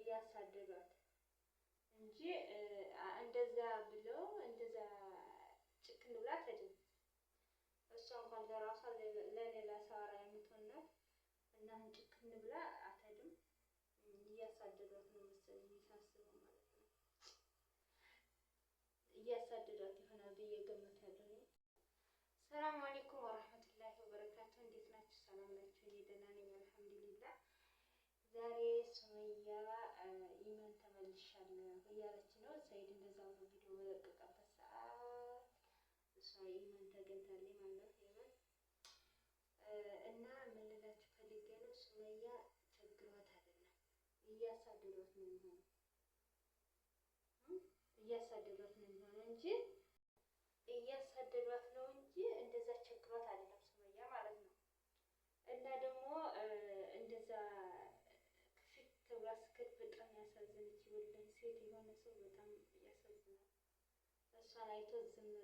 እያሳደዷት እንጂ እንደዛ ብለው እንደዛ ጭክን ብላት አይደለም። እሷ እንኳን ለራሷ ለሌላ ሰዋራ የምትሆን ናት እና ጭክን ብላ አትሄድም። እያሳደዷት ነው መሰለኝ የሚታስበው ማለት ነው። እያሳደዷት ይሆናል ብዬ ገምታለሁ። ሰላም አለይኩም ወራ ኢማን ተገኝታለች ማለት ነው። እና የምንላችሁ ፈልጌ ነው ሱመያ ችግሯት አይደለም እያሳደዷት ነው የሚሆነው እያሳደዷት ነው የሚሆነው እንጂ እያሳደዷት ነው እንጂ እንደዛ ችግሯት አይደለም ሱመያ ማለት ነው። እና ደግሞ እንደዛ ክፍት ተብላ ስክት በጣም ያሳዝነች ወላሂ ሴት የሆነ ሰው በጣም ያሳዝናል። እሷን አይቶ ዝም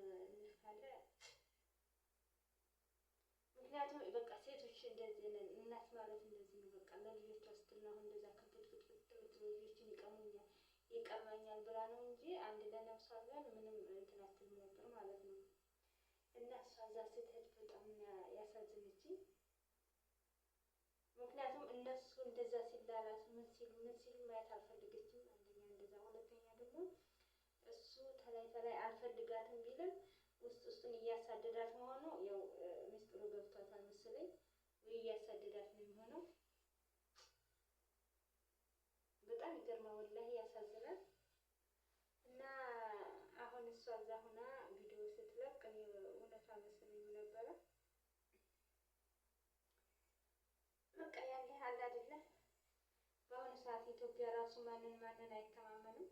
ልጆች እንደዚህ እናት ማለት እንደዚህ ነው። በቃ ለልጆቿ ስትል ነው እንደዛ ክብት ክብት ብትሉ ልጆችን ይቀሙኛል ይቀማኛል ብላ ነው እንጂ አንድ ለነፍሷ ቢሆን ምንም እንትን አትልም ነበር ማለት ነው። እና እሷ እዛ ስትሄድ በጣም ምክንያቱም እነሱ እንደዛ ሲላላት ምን ሲሉ ምን ሲሉ ማየት አልፈልገችም። አንደኛ እንደዛ፣ ሁለተኛ ደግሞ እሱ ተላይ ተላይ አልፈልጋትም ቢልም ውስጥ ውስጡን እያሳደዳት መሆኑ ያው ሚስጥሩ ገብቷል። ወይ እያሳደዳት ነው የሚሆነው። በጣም ወላሂ ያሳዝናል። እና አሁን እሷ እዛ ሆና ቪዲዮ ስትለቅ እኔ ነበረ። በቃ በአሁኑ ሰዓት ኢትዮጵያ ራሱ ማንን ማንን አይተማመንም።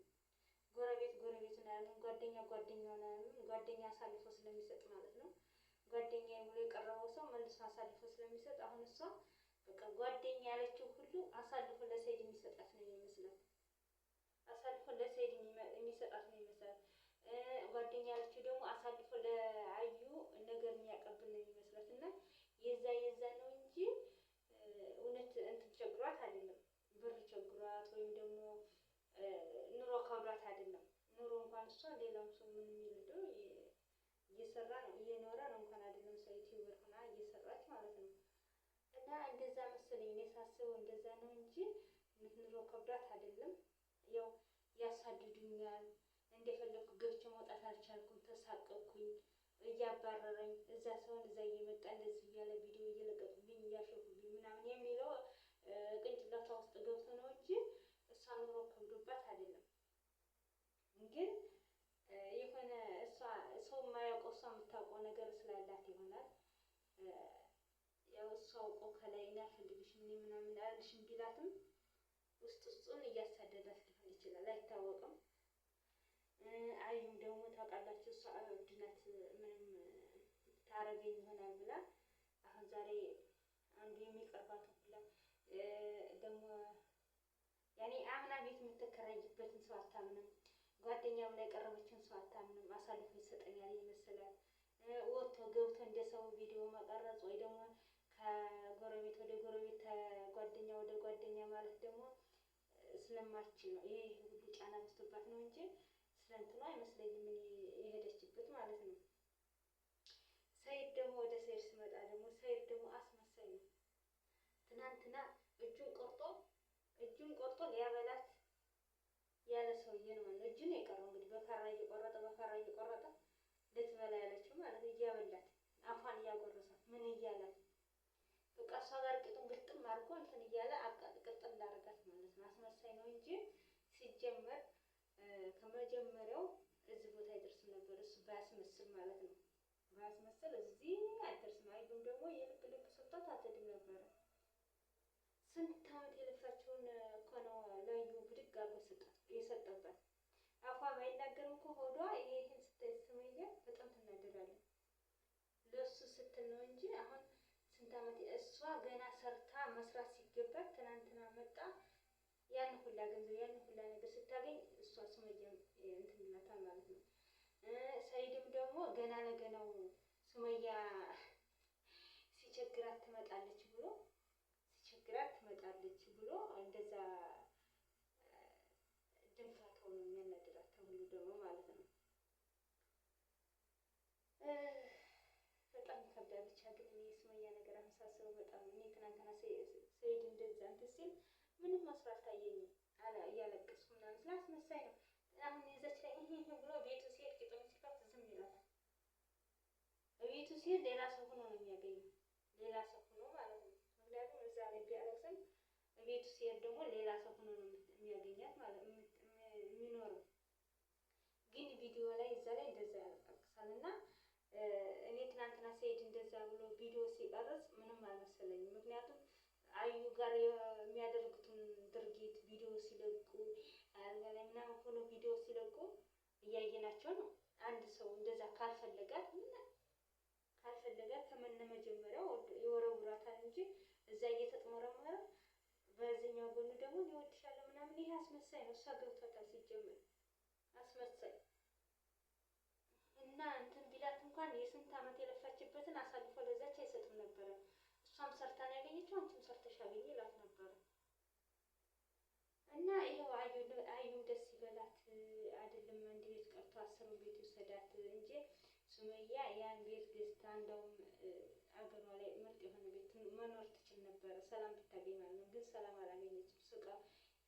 ጎረቤት ጎረቤቱን አያምንም፣ ጓደኛ ጓደኛውን አያምንም። ጓደኛ አሳልፎ ስለሚሰጥ ማለት ነው። ጓደኛ ብሎ የቀረበው ሰው መልሶ አሳልፎ ስለሚሰጥ አሁን እሷ በቃ ጓደኛ ያለችው ሁሉ አሳልፎ ለሰይድ የሚሰጣት ነው የሚመስላት። አሳልፎ ለሰይድ የሚሰጣት ነው የሚመስላት። ጓደኛ ያለችው ደግሞ አሳልፎ ለአዩ ነገር የሚያቀብል ነው የሚመስላት እና የዛ የዛ ነው እንጂ እውነት እንትን ቸግሯት አይደለም። ብር ቸግሯት ወይም ደግሞ ኑሮ ከብዷት አይደለም። ኑሮ እንኳን እሷ ሌላም ሰው ምን የሚረዳው እየሰራ ነው እየኖረ ነው የማስበው እንደዛ ነው እንጂ የምትኖረው ከብዷት አይደለም። ያው ያሳድዱኛል፣ እንደፈለግኩ ገብቼ መውጣት አልቻልኩም፣ ተሳቀኩኝ፣ እያባረረኝ እዛ ሰውን እዛ እየመጣ እንደዚህ እያለ ቪዲዮ እየለቀቁብኝ እያሸጉብኝ ምናምን የሚለው ቅንጭላቷ ውስጥ ገብቶ ነው እንጂ እሷ ኑሮ ከብዶባት አይደለም። ግን የሆነ እሷ ሰው የማያውቀው እሷ የምታውቀው ነገር ስላላት ይሆናል። ያው እሱ አውቆ ከላይ እኔ አልፈልግሽም እኔ ምናምን ቢላትም ውስጥ ውስጡን እያሳደዳት ሊሆን ይችላል፣ አይታወቅም። አይም ደግሞ ታውቃላችሁ እሷ እብድ ናት፣ ምንም ታረገኝ ይሆናል ብላ አሁን ዛሬ አንዱ የሚቀርባት ሁላ ደግሞ ያኔ አምና ቤት የምትከራይበትን ሰው አታምንም፣ ጓደኛ ላይ የቀረበችን ሰው አታምንም። አሳልፎ ይሰጠኛል ይመስላል ወጥቶ ገብቶ እንደ ሰው ቪዲዮ ከጎረቤት ወደ ጎረቤት ከጓደኛ ወደ ጓደኛ ማለት ደግሞ ስለማችል ነው። ይሄ ሁሉ ጫና በዝቶባት ነው እንጂ ስለንትኖ አይመስለኝም የሄደችበት ማለት ነው። ሰይድ ደግሞ ወደ ሰይድ ስመጣ ደግሞ ሰይድ ደግሞ አስመሳይ ነው። ትናንትና እጁን ቆርጦ እጁን ቆርጦ ሊያበላት ያለ ሰውዬ ነው። እጁን የቀረው እንግዲህ በፈራ እየቆረጠ በፈራ እየቆረጠ ልትበላ ያለችው አድርጎ እንትን እያለ ቅርጥ እንዳደረጋት ማለት ነው። አስመሳይ ነው እንጂ ሲጀመር ከመጀመሪያው እዚህ ቦታ አይደርስም ነበር እሱ ባያስመስል ማለት ነው። ባያስመስል እዚህ አይደርስም። አይዱም ደግሞ የልብ ልብ ሰጥቷት አትድም ነበረ። ስንት ዓመት የለፋቸውን እኮ ነው ለዩ ብድግ አድርጎ የሰጠበት። አፏ ባይናገርም እኮ ሆዷ ይህን ስታይ በጣም ትናደዳለች። ለእሱ ስትል ነው እንጂ አሁን ስንት እሷ ገና ሰርታ መስራት ሲገባት ትናንትና መጣ ያን ሁላ ገንዘብ ያን ሁላ ነገር ስታገኝ እሷ ሱመያ እንትን ይላታል ማለት ነው። ሰይድም ደግሞ ገና ለገናው ሱመያ ምንም መስሎ አልታየኝም እያለቀስኩ ምናምን ስላት አስመሳይ ነው። አሁን ይዘች ላይ ብሎ ቤቱ ሲሄድ ግጥም ሲከፍት ዝም ይላል። ቤቱ ሲሄድ ሌላ ሰው ሆኖ ነው የሚያገኘው፣ ሌላ ሰው ሆኖ ማለት ነው። ምክንያቱም እዛ ላይ ቢያለቅስም ቤቱ ሲሄድ ደግሞ ሌላ ሰው ሆኖ ነው የሚያገኛት ማለት የሚኖረው። ግን ቪዲዮ ላይ እዛ ላይ እንደዛ ያለቅሳል እና እኔ ትናንትና ስሄድ እንደዛ ብሎ ቪዲዮ ሲቀርጽ ምንም አልመሰለኝም። ምክንያቱም አዩ ጋር የሚያደርገው እዛ እየተጥመረመረ በዚህኛው ጎኑ ደግሞ ይወድሻለሁ ምናምን። ይሄ አስመሳይ ነው። እሷ ገብቷታል። ሲጀመር አስመሳይ እና እንትን ቢላት እንኳን የስንት ዓመት የለፋችበትን አሳልፎ ለዛች አይሰጥም ነበረ። እሷም ሰርታን ያገኘችው አንቺም ሰርተሽ አገኘ ይላት ነበረ። እና ይኸው አዩ ደስ ይበላት። አይደለም አንድ ቤት ቀርቶ አስሩን ቤት ይውሰዳት እንጂ ሱመያ ያን ቤት ገዝታ እንደውም መኖር ትችል ነበረ ሰላም ብታገኝ ማለት ነው። ግን ሰላም አላገኘችም። ስቃ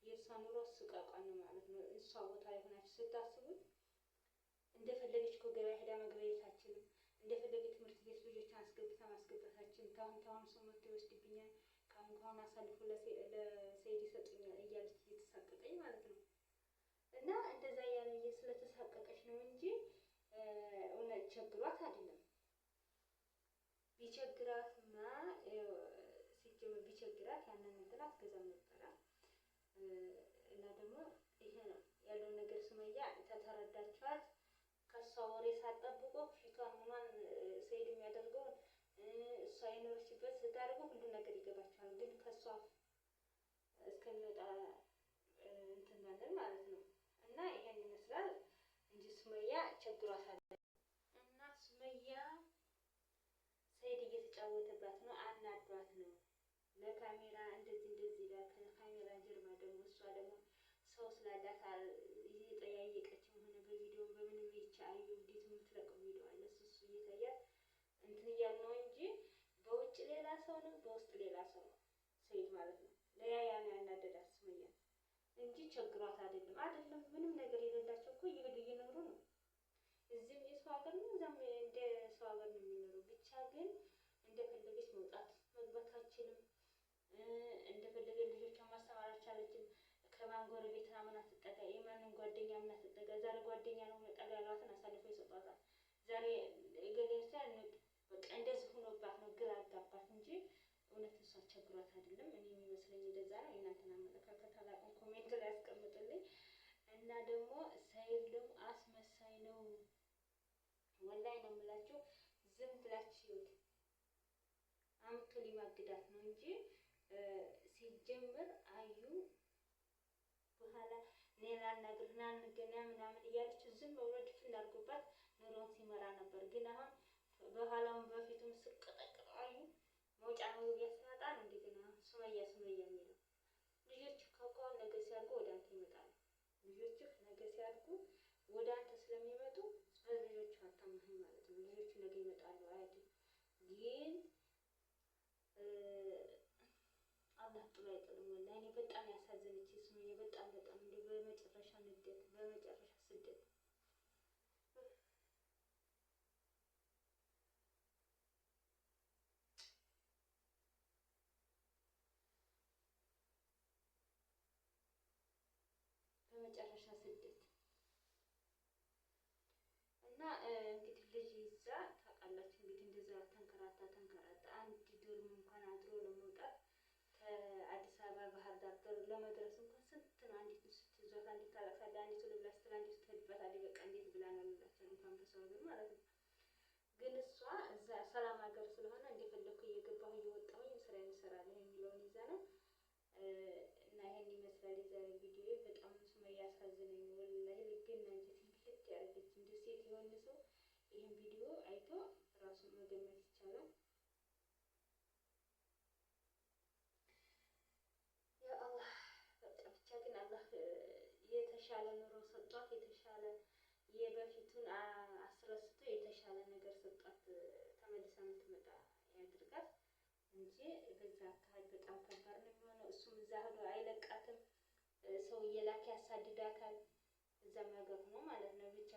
የእሷ ኑሮ ስቃቋን ነው ማለት ነው። እሷ ቦታ ላይ ስታስቡት እንደፈለገች እኮ ገበያ ሄዳ መግበየት አችልም። እንደፈለገ ትምህርት ቤት ልጆችን አስገብታ ማስገባት ከአሁን ከአሁን ሰው መጥቶ ይወስድብኛል፣ ከአሁን ከአሁን አሳልፎ ለሰይድ ይሰጡኛል እያለች እየተሳቀቀኝ ማለት ነው እና እንደዛ እያለ እና ደግሞ ይሄ ነው ያለው ነገር። ሱመያ ተተረዳችኋት። ከእሷ ወሬ ሳትጠብቁ ፊቷን ምኗን ሰይድ የሚያደርገው እሷ የኖረችበት ስታደርገው ሁሉ ነገር ይገባችኋል። ግን ከእሷ እስከሚወጣ እንትን ማለት ነው እና ይሄን ይመስላል እንጂ ሱመያ ቸግሯታል። እና ሱመያ ሰይድ እየተጫወተባት ነው፣ አናዷት ነው ለካሜራ እንደዚህ ሰው በውስጥ ሌላ ሰው ነው ሰኢድ ማለት ነው። ለያያን ያናደዳት ሱመያ እንጂ ቸግሯት አይደለም። አይደለም ምንም ነገር የሌላቸው እኮ ይሄዱ እየኖሩ ነው። እዚህም የሰው ሀገር ነው፣ እዛም እንደ ሰው ሀገር ነው የሚኖሩ። ብቻ ግን እንደፈለገች መውጣት መግባት አችልም። እንደፈለገ ልጆቿን ማስተማር አልቻለችም። ከማን ጎረቤት ምናምን አትጠጋ፣ የማንም ጓደኛ ምናምን አትጠጋ። ዛሬ ጓደኛ ነው መጠጋ ያሏትን አሳልፈው ይሰጧታል ዛሬ እና ደግሞ ሰይድ ደግሞ አስመሳይ ነው። ወላይ ነው የምላቸው። ዝም ብላችሁ አምቶ ሊማግዳት ነው እንጂ ሲጀምር አዩ በኋላ ሌላ ነገር ናንገና ምናምን እያለች ዝም ብሎ ድፍን አድርጎባት ኑሮን ሲመራ ነበር። ግን አሁን በኋላውን በፊቱም ስቀጠቅጠ አዩ ነው መግቢያ ስመጣ ነው እንደገና ሱመያ ሱመያ እና እንግዲህ ልጅ ይዛ ታውቃላችሁ፣ እንግዲህ እንደዛ ተንከራታ ተንከራታ አንድ ዶርም እንኳን አድሮ ለመውጣት ከአዲስ አበባ ባህር ዳር ለመድረስ እንኳን ስንት ነው። አንዲቱ ስትይዟት አንዲቱ ታለቅሳለች፣ አንዲቱ ልብላ ስትል አንዲቱ ትሄድበታለች። በቃ እንዴት ብላ ነው ልላቸው እንኳን በሰው ማለት ነው። ግን እሷ እዛ ሰላም ሀገር ስለሆነ እንደፈለግኩ እየገባሁ እየወጣሁኝ ስራ ይሰራለሁ የሚለውን ይዛ የበፊቱን አስረስቶ የተሻለ ነገር ሰጧት ተመልሳ የምትመጣ ያድርጋት እንጂ በዛ አካሄድ በጣም ከባድ ነው የሚሆነው። እሱም እዛ ሄዶ አይለቃትም። ሰው እየላከ ያሳድዳታል። እዛም ሀገር ሆኖ ማለት ነው ብቻ